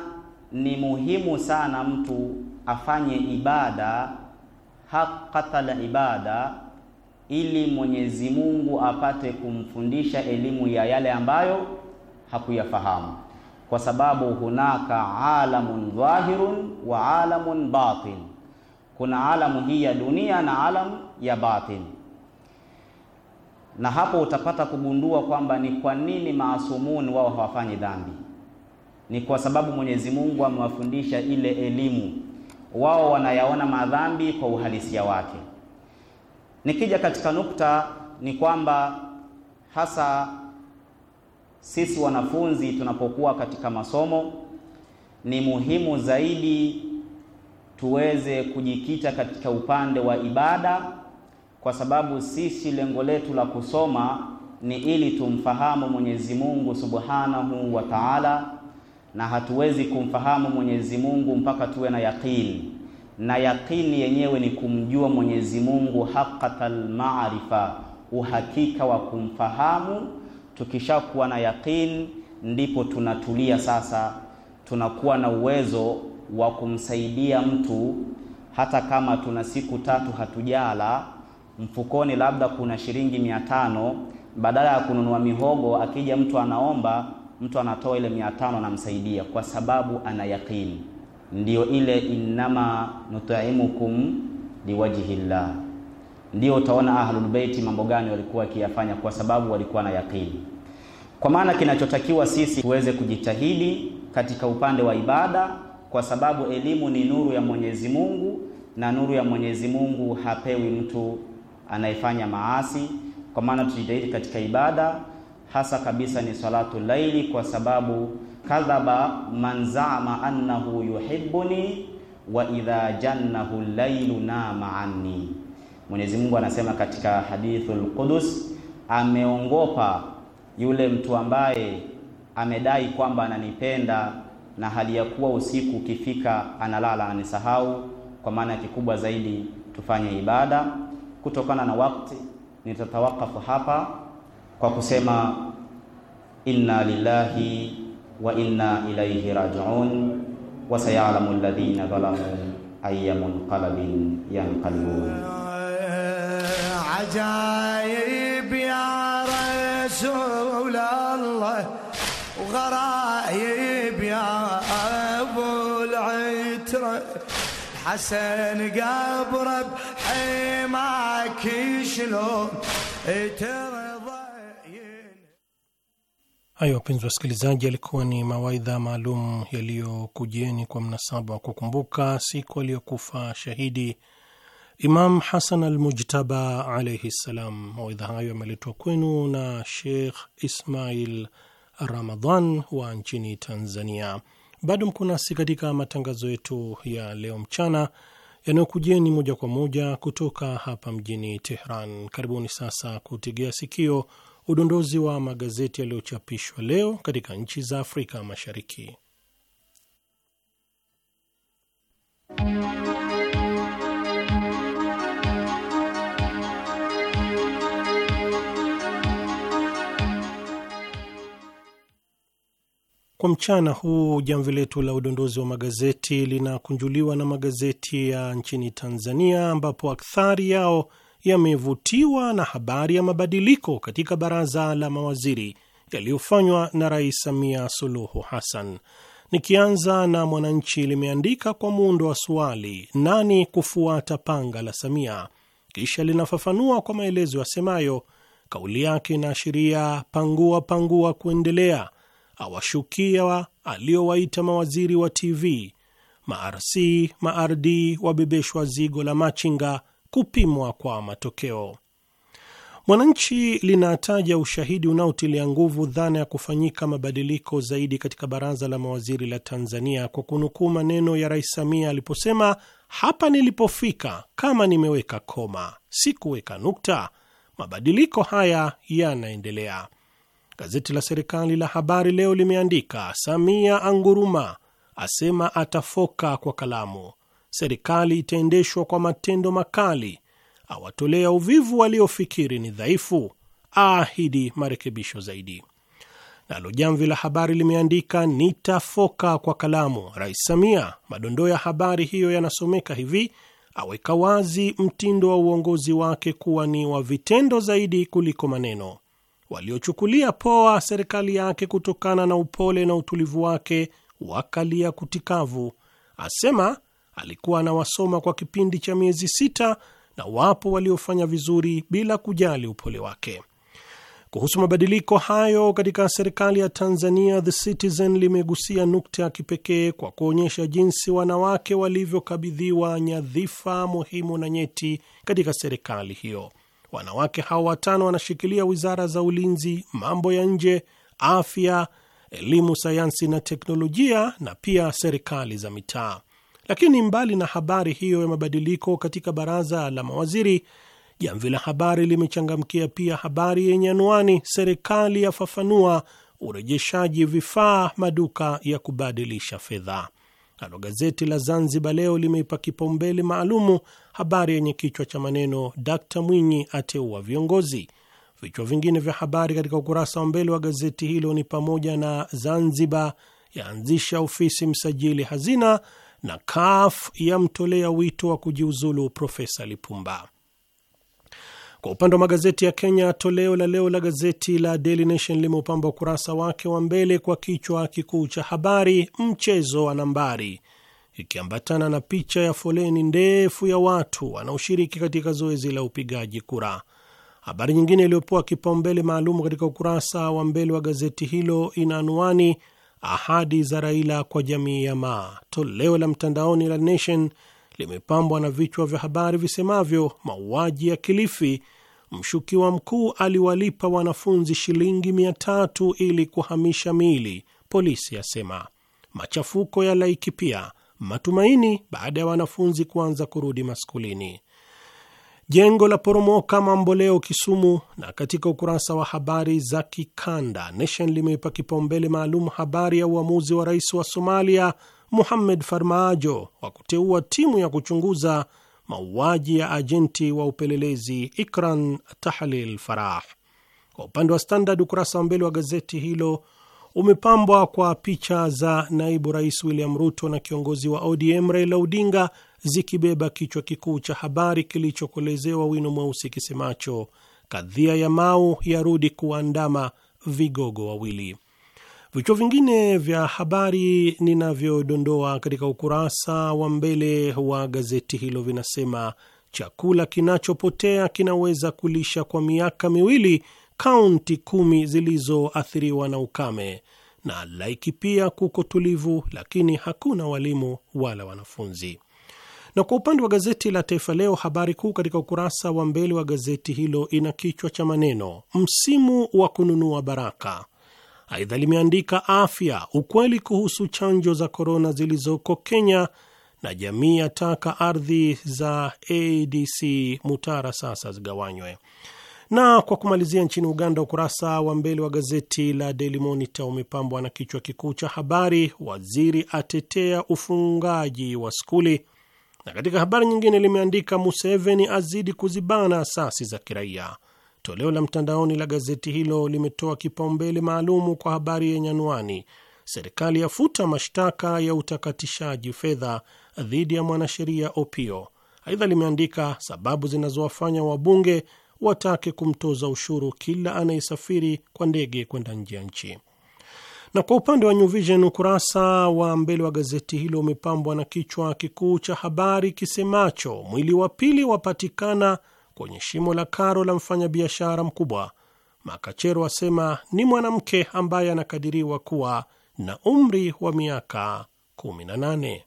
ni muhimu sana mtu afanye ibada haqqatal ibada, ili Mwenyezi Mungu apate kumfundisha elimu ya yale ambayo hakuyafahamu, kwa sababu hunaka alamun dhahirun wa alamun batin, kuna alamu hii ya dunia na alamu ya batin na hapo utapata kugundua kwamba ni kwa nini maasumun wao hawafanyi dhambi ni kwa sababu Mwenyezi Mungu amewafundisha ile elimu, wao wanayaona madhambi kwa uhalisia wake. Nikija katika nukta ni kwamba hasa sisi wanafunzi tunapokuwa katika masomo ni muhimu zaidi tuweze kujikita katika upande wa ibada, kwa sababu sisi lengo letu la kusoma ni ili tumfahamu Mwenyezi Mungu Subhanahu wa Ta'ala na hatuwezi kumfahamu Mwenyezi Mungu mpaka tuwe na yaqini, na yaqini yenyewe ni kumjua Mwenyezi Mungu haqqatal uhakika wa kumfahamu. Tukishakuwa na yaqini, ndipo tunatulia sasa, tunakuwa na uwezo wa kumsaidia mtu hata kama tuna siku tatu hatujala, mfukoni labda kuna shilingi mia tano, badala ya kununua mihogo, akija mtu anaomba mtu anatoa ile mia tano anamsaidia kwa sababu ana yaqini, ndio ile innama nutaimukum liwajhi llah. Ndio utaona ahlul baiti mambo gani walikuwa wakiyafanya, kwa sababu walikuwa na yaqini. Kwa maana kinachotakiwa sisi tuweze kujitahidi katika upande wa ibada, kwa sababu elimu ni nuru ya Mwenyezi Mungu, na nuru ya Mwenyezi Mungu hapewi mtu anayefanya maasi. Kwa maana tujitahidi katika ibada hasa kabisa ni salatu laili, kwa sababu kadhaba man annahu yuhibbuni wa idha jannahu lailu nama anni. Mwenyezi Mungu anasema katika hadithul Qudus, ameongopa yule mtu ambaye amedai kwamba ananipenda na hali ya kuwa usiku ukifika analala anisahau. Kwa maana kikubwa zaidi tufanye ibada. Kutokana na wakati, nitatawakafu hapa kwa kusema إنا لله وإنا إليه راجعون وسيعلم الذين ظلموا أي منقلب ينقلبون عجايب يا رسول الله وغرايب يا أبو العترة حسن قبره بحيماك شلون ترى Hayo, wapenzi wasikilizaji, alikuwa ni mawaidha maalum yaliyokujieni kwa mnasaba wa kukumbuka siku aliyokufa shahidi Imam Hasan Almujtaba alaihi ssalam. Mawaidha hayo yameletwa kwenu na Sheikh Ismail Ramadhan wa nchini Tanzania. Bado mko nasi katika matangazo yetu ya leo mchana yanayokujeni moja kwa moja kutoka hapa mjini Tehran. Karibuni sasa kutegea sikio udondozi wa magazeti yaliyochapishwa leo katika nchi za Afrika Mashariki. Kwa mchana huu jamvi letu la udondozi wa magazeti linakunjuliwa na magazeti ya nchini Tanzania, ambapo akthari yao yamevutiwa na habari ya mabadiliko katika baraza la mawaziri yaliyofanywa na Rais Samia Suluhu Hassan. Nikianza na Mwananchi limeandika kwa muundo wa swali, nani kufuata panga la Samia? Kisha linafafanua kwa maelezo yasemayo, kauli yake inaashiria pangua pangua kuendelea, awashukia aliowaita mawaziri wa TV, ma RC, ma RD wabebeshwa zigo la machinga kupimwa kwa matokeo. Mwananchi linataja ushahidi unaotilia nguvu dhana ya kufanyika mabadiliko zaidi katika baraza la mawaziri la Tanzania kwa kunukuu maneno ya Rais Samia aliposema, hapa nilipofika kama nimeweka koma, si kuweka nukta, mabadiliko haya yanaendelea. Gazeti la serikali la Habari Leo limeandika Samia anguruma, asema atafoka kwa kalamu serikali itaendeshwa kwa matendo makali, awatolea uvivu waliofikiri ni dhaifu, aahidi marekebisho zaidi. Nalo jamvi la habari limeandika nitafoka kwa kalamu Rais Samia. Madondoo ya habari hiyo yanasomeka hivi: aweka wazi mtindo wa uongozi wake kuwa ni wa vitendo zaidi kuliko maneno. Waliochukulia poa serikali yake kutokana na upole na utulivu wake wakalia kutikavu, asema alikuwa anawasoma kwa kipindi cha miezi sita, na wapo waliofanya vizuri bila kujali upole wake. Kuhusu mabadiliko hayo katika serikali ya Tanzania, The Citizen limegusia nukta ya kipekee kwa kuonyesha jinsi wanawake walivyokabidhiwa nyadhifa muhimu na nyeti katika serikali hiyo. Wanawake hao watano wanashikilia wizara za ulinzi, mambo ya nje, afya, elimu, sayansi na teknolojia na pia serikali za mitaa. Lakini mbali na habari hiyo ya mabadiliko katika baraza la mawaziri, jamvi la habari limechangamkia pia habari yenye anwani serikali yafafanua urejeshaji vifaa maduka ya kubadilisha fedha. Nalo gazeti la Zanzibar Leo limeipa kipaumbele maalumu habari yenye kichwa cha maneno Dkt Mwinyi ateua viongozi. Vichwa vingine vya habari katika ukurasa wa mbele wa gazeti hilo ni pamoja na Zanzibar yaanzisha ofisi msajili hazina na CUF yamtolea wito wa kujiuzulu Profesa Lipumba. Kwa upande wa magazeti ya Kenya, toleo la leo la gazeti la Daily Nation limeupamba ukurasa wake wa mbele kwa kichwa kikuu cha habari, mchezo wa nambari, ikiambatana na picha ya foleni ndefu ya watu wanaoshiriki katika zoezi la upigaji kura. Habari nyingine iliyopewa kipaumbele maalum katika ukurasa wa mbele wa gazeti hilo ina anwani ahadi za Raila kwa jamii ya Maa. Toleo la mtandaoni la Nation limepambwa na vichwa vya habari visemavyo: mauaji ya Kilifi, mshukiwa mkuu aliwalipa wanafunzi shilingi mia tatu ili kuhamisha miili, polisi asema. Machafuko ya Laikipia, matumaini baada ya wanafunzi kuanza kurudi maskulini jengo la poromoka mamboleo Kisumu. Na katika ukurasa wa habari za kikanda, Nation limeipa kipaumbele maalum habari ya uamuzi wa rais wa Somalia muhamed Farmaajo wa kuteua timu ya kuchunguza mauaji ya ajenti wa upelelezi Ikran Tahlil Farah. Kwa upande wa Standard, ukurasa wa mbele wa gazeti hilo umepambwa kwa picha za naibu rais William Ruto na kiongozi wa ODM Raila Odinga zikibeba kichwa kikuu cha habari kilichokolezewa wino mweusi kisemacho kadhia ya Mau yarudi kuandama vigogo wawili. Vichwa vingine vya habari ninavyodondoa katika ukurasa wa mbele wa gazeti hilo vinasema chakula kinachopotea kinaweza kulisha kwa miaka miwili kaunti kumi zilizoathiriwa na ukame na laiki pia kuko tulivu, lakini hakuna walimu wala wanafunzi. Na kwa upande wa gazeti la Taifa Leo, habari kuu katika ukurasa wa mbele wa gazeti hilo ina kichwa cha maneno msimu wa kununua baraka. Aidha limeandika afya, ukweli kuhusu chanjo za korona zilizoko Kenya, na jamii yataka ardhi za ADC Mutara sasa zigawanywe. Na kwa kumalizia, nchini Uganda, ukurasa wa mbele wa gazeti la Daily Monitor umepambwa na kichwa kikuu cha habari, waziri atetea ufungaji wa skuli, na katika habari nyingine limeandika Museveni azidi kuzibana asasi za kiraia. Toleo la mtandaoni la gazeti hilo limetoa kipaumbele maalumu kwa habari yenye anwani serikali yafuta mashtaka ya utakatishaji fedha dhidi ya mwanasheria Opio. Aidha limeandika sababu zinazowafanya wabunge watake kumtoza ushuru kila anayesafiri kwa ndege kwenda nje ya nchi. Na kwa upande wa New Vision, ukurasa wa mbele wa gazeti hilo umepambwa na kichwa kikuu cha habari kisemacho mwili wa pili wapatikana kwenye shimo la karo la mfanyabiashara mkubwa. Makachero asema ni mwanamke ambaye anakadiriwa kuwa na umri wa miaka 18.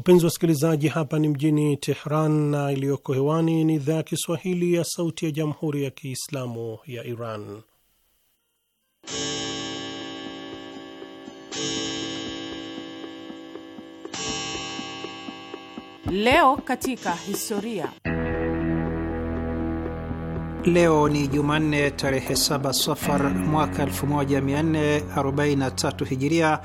Wapenzi wasikilizaji, hapa ni mjini Tehran na iliyoko hewani ni idhaa ya Kiswahili ya Sauti ya Jamhuri ya Kiislamu ya Iran. Leo katika historia. Leo ni Jumanne tarehe 7 Safar mwaka 1443 Hijiria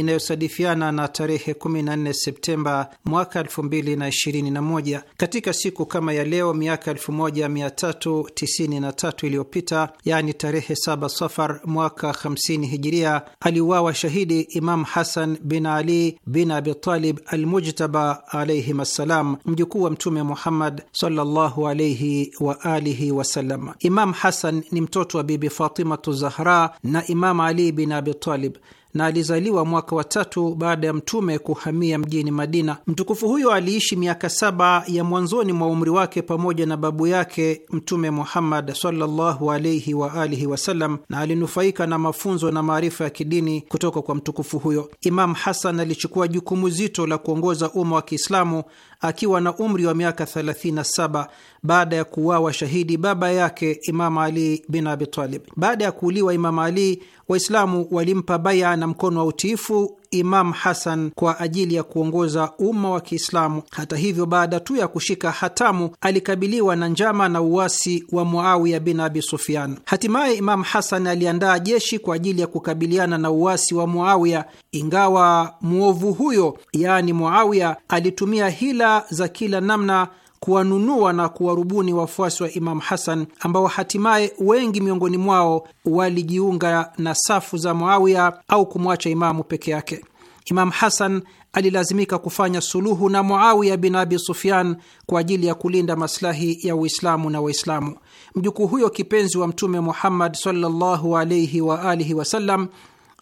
inayosadifiana na tarehe 14 Septemba mwaka 2021. Katika siku kama ya leo miaka 1393 iliyopita, yani tarehe 7 Safar mwaka 50 Hijiria, aliuawa shahidi Imam Hasan bin Ali bin Abitalib Almujtaba alaihim assalam, mjukuu wa Mtume Muhammad sallallahu alaihi wa alihi wasallam. Imam Hasan ni mtoto wa Bibi Fatimatu Zahra na Imam Ali bin Abitalib na alizaliwa mwaka wa tatu baada ya mtume kuhamia mjini Madina. Mtukufu huyo aliishi miaka saba ya mwanzoni mwa umri wake pamoja na babu yake Mtume Muhammad sallallahu alaihi wa alihi wasallam, na alinufaika na mafunzo na maarifa ya kidini kutoka kwa mtukufu huyo. Imam Hasan alichukua jukumu zito la kuongoza umma wa Kiislamu akiwa na umri wa miaka 37 baada ya kuuawa shahidi baba yake Imam Ali bin Abi Talib. Baada ya kuuliwa Imam Ali, Waislamu walimpa baya na mkono wa utiifu Imam Hasan kwa ajili ya kuongoza umma wa Kiislamu. Hata hivyo, baada tu ya kushika hatamu alikabiliwa na njama na uasi wa Muawiya bin Abi Sufyan. Hatimaye Imam Hasan aliandaa jeshi kwa ajili ya kukabiliana na uasi wa Muawiya, ingawa mwovu huyo, yaani Muawiya, alitumia hila za kila namna kuwanunua na kuwarubuni wafuasi wa Imamu Hasan ambao hatimaye wengi miongoni mwao walijiunga na safu za Muawiya au kumwacha Imamu peke yake. Imamu Hasan alilazimika kufanya suluhu na Muawiya bin Abi Sufyan kwa ajili ya kulinda maslahi ya Uislamu na Waislamu. Mjukuu huyo kipenzi wa Mtume Muhammad sallallahu alaihi wa alihi wasallam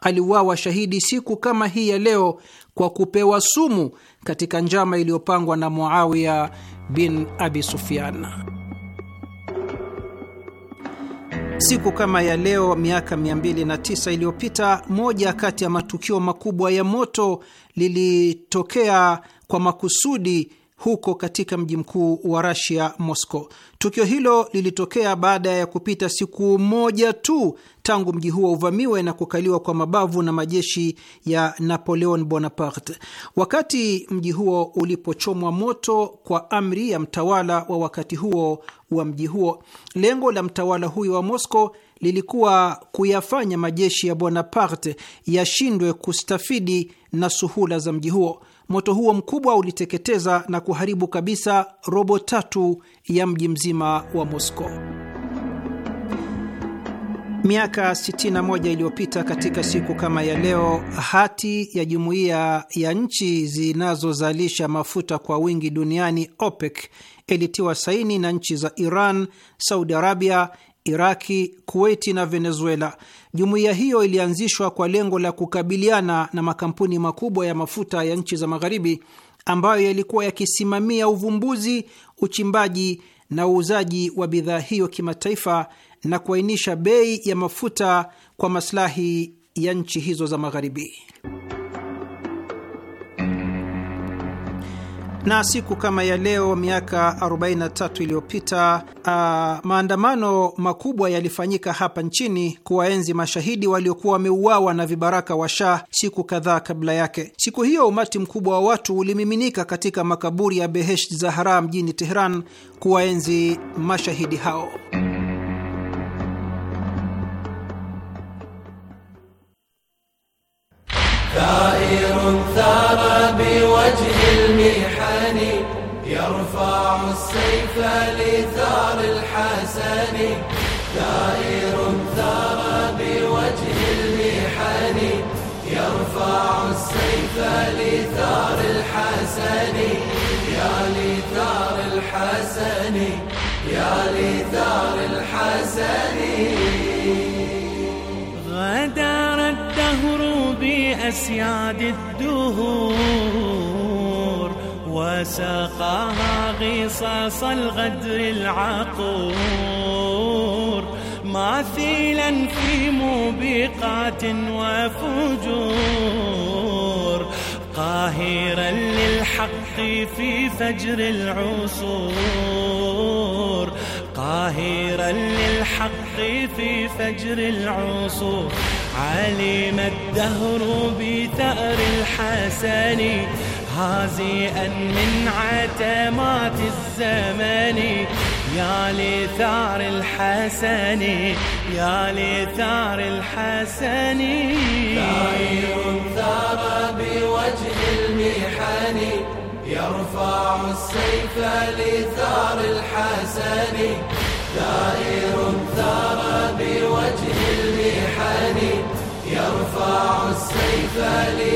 aliuawa shahidi siku kama hii ya leo kwa kupewa sumu katika njama iliyopangwa na Muawiya bin Abi Sufyan. Siku kama ya leo miaka 209 iliyopita, moja kati ya matukio makubwa ya moto lilitokea kwa makusudi huko katika mji mkuu wa Rasia, Moscow. Tukio hilo lilitokea baada ya kupita siku moja tu tangu mji huo uvamiwe na kukaliwa kwa mabavu na majeshi ya Napoleon Bonaparte. Wakati mji huo ulipochomwa moto kwa amri ya mtawala wa wakati huo wa mji huo, lengo la mtawala huyo wa Moscow lilikuwa kuyafanya majeshi ya Bonaparte yashindwe kustafidi na suhula za mji huo. Moto huo mkubwa uliteketeza na kuharibu kabisa robo tatu ya mji mzima wa Moscow. Miaka 61 iliyopita katika siku kama ya leo, hati ya jumuiya ya nchi zinazozalisha mafuta kwa wingi duniani OPEC ilitiwa saini na nchi za Iran, Saudi Arabia, Iraki, kueti na Venezuela. Jumuiya hiyo ilianzishwa kwa lengo la kukabiliana na makampuni makubwa ya mafuta ya nchi za Magharibi ambayo yalikuwa yakisimamia uvumbuzi, uchimbaji na uuzaji wa bidhaa hiyo kimataifa na kuainisha bei ya mafuta kwa maslahi ya nchi hizo za Magharibi. Na siku kama ya leo miaka 43 iliyopita, ah, maandamano makubwa yalifanyika hapa nchini kuwaenzi mashahidi waliokuwa wameuawa na vibaraka wa Shah siku kadhaa kabla yake. Siku hiyo umati mkubwa wa watu ulimiminika katika makaburi ya Behesht Zahra mjini Tehran kuwaenzi mashahidi hao. يرفع السيف لثار الحسن دائر ثار بوجه المحن يرفع السيف لثار الحسن يا لثار الحسن يا لثار الحسن غدر الدهر بأسياد الدهور وسقاها غصص الغدر العقور ماثلا في موبقات وفجور قاهرا للحق في فجر العصور قاهرا للحق في فجر العصور علم الدهر بثأر الحسن هازئا من عتمات الزمن يا لثار الحسن يا لثار الحسن ثائر ثار بوجه المحن يرفع السيف لثار الحسن ثائر ثار بوجه المحن يرفع السيف لثار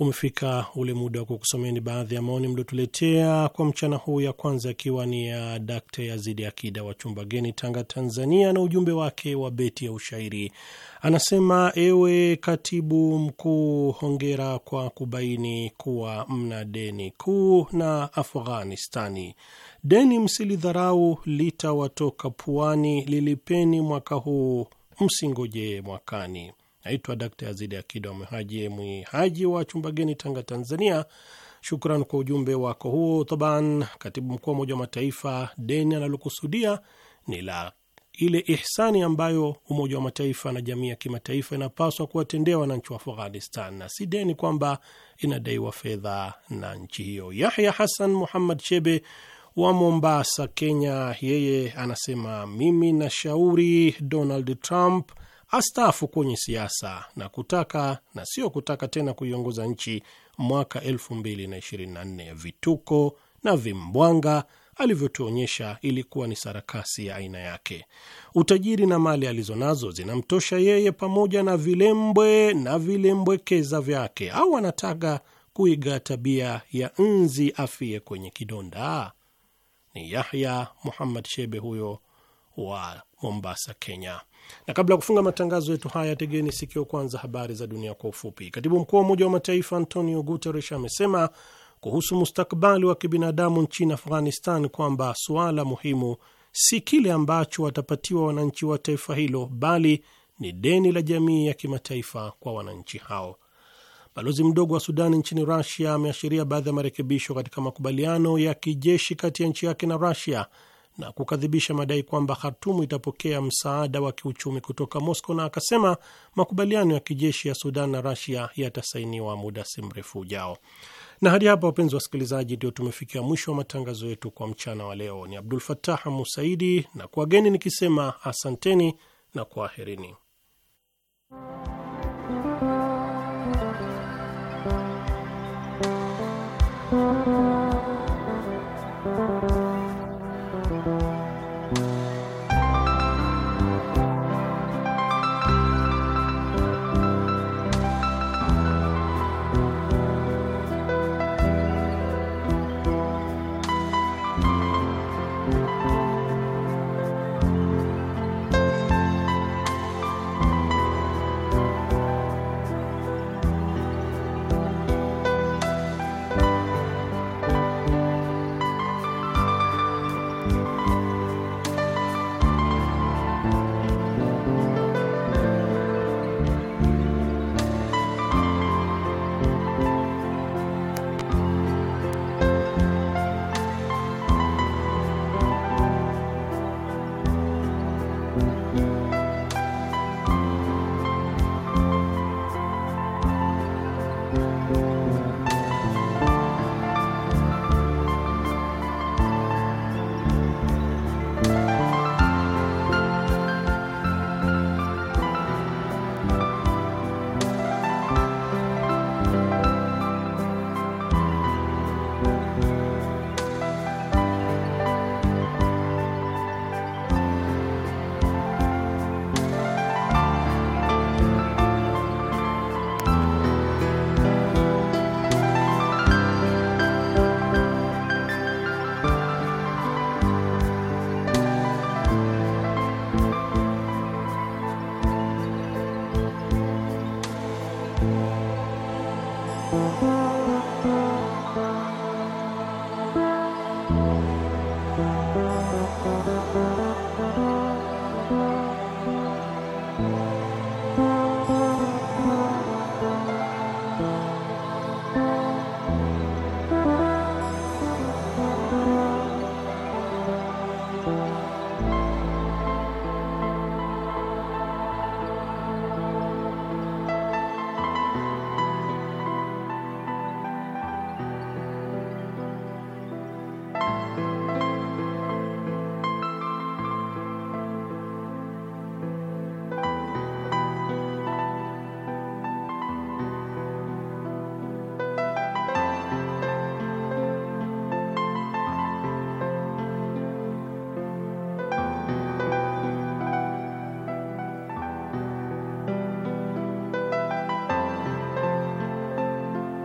Umefika ule muda wa kukusomeni baadhi ya maoni mliotuletea kwa mchana huu, ya kwanza akiwa ni ya Dakta Yazidi Akida wa chumba geni, Tanga, Tanzania, na ujumbe wake wa beti ya ushairi anasema: ewe katibu mkuu, hongera kwa kubaini kuwa mna deni kuu na Afghanistani. Deni msilidharau, litawatoka puani, lilipeni mwaka huu, msingojee mwakani. Naitwa Dakta Yazidi Akida Mwihaji Mwihaji wa Chumbageni, Tanga, Tanzania. Shukran kwa ujumbe wako huo. Taban, katibu mkuu wa Umoja wa Mataifa, deni analokusudia ni la ile ihsani ambayo Umoja wa Mataifa na jamii ya kimataifa inapaswa kuwatendea wananchi wa Afghanistan, na si deni kwamba inadaiwa fedha na nchi hiyo. Yahya Hassan Muhammad Shebe wa Mombasa, Kenya, yeye anasema mimi nashauri Donald Trump astaafu kwenye siasa na kutaka na sio kutaka tena kuiongoza nchi mwaka 2024. Vituko na vimbwanga alivyotuonyesha ilikuwa ni sarakasi ya aina yake. Utajiri na mali alizonazo zinamtosha yeye pamoja na vilembwe na vilembwekeza vyake, au anataka kuiga tabia ya nzi afie kwenye kidonda? Ni Yahya Muhammad Shebe huyo wa Mombasa, Kenya. Na kabla ya kufunga matangazo yetu haya, tegeni sikio kwanza habari za dunia kwa ufupi. Katibu mkuu wa Umoja wa Mataifa Antonio Guterres amesema kuhusu mustakbali wa kibinadamu nchini Afghanistan kwamba suala muhimu si kile ambacho watapatiwa wananchi wa taifa hilo, bali ni deni la jamii ya kimataifa kwa wananchi hao. Balozi mdogo wa Sudani nchini Rusia ameashiria baadhi ya marekebisho katika makubaliano ya kijeshi kati ya nchi yake na Rusia na kukadhibisha madai kwamba Khartumu itapokea msaada wa kiuchumi kutoka Moscow, na akasema makubaliano ya kijeshi ya Sudan na rasia yatasainiwa muda si mrefu ujao. Na hadi hapa, wapenzi wa wasikilizaji, ndio tumefikia mwisho wa matangazo yetu kwa mchana wa leo. Ni Abdul fatah Musaidi na kuwageni nikisema asanteni na kwaherini. Thank you.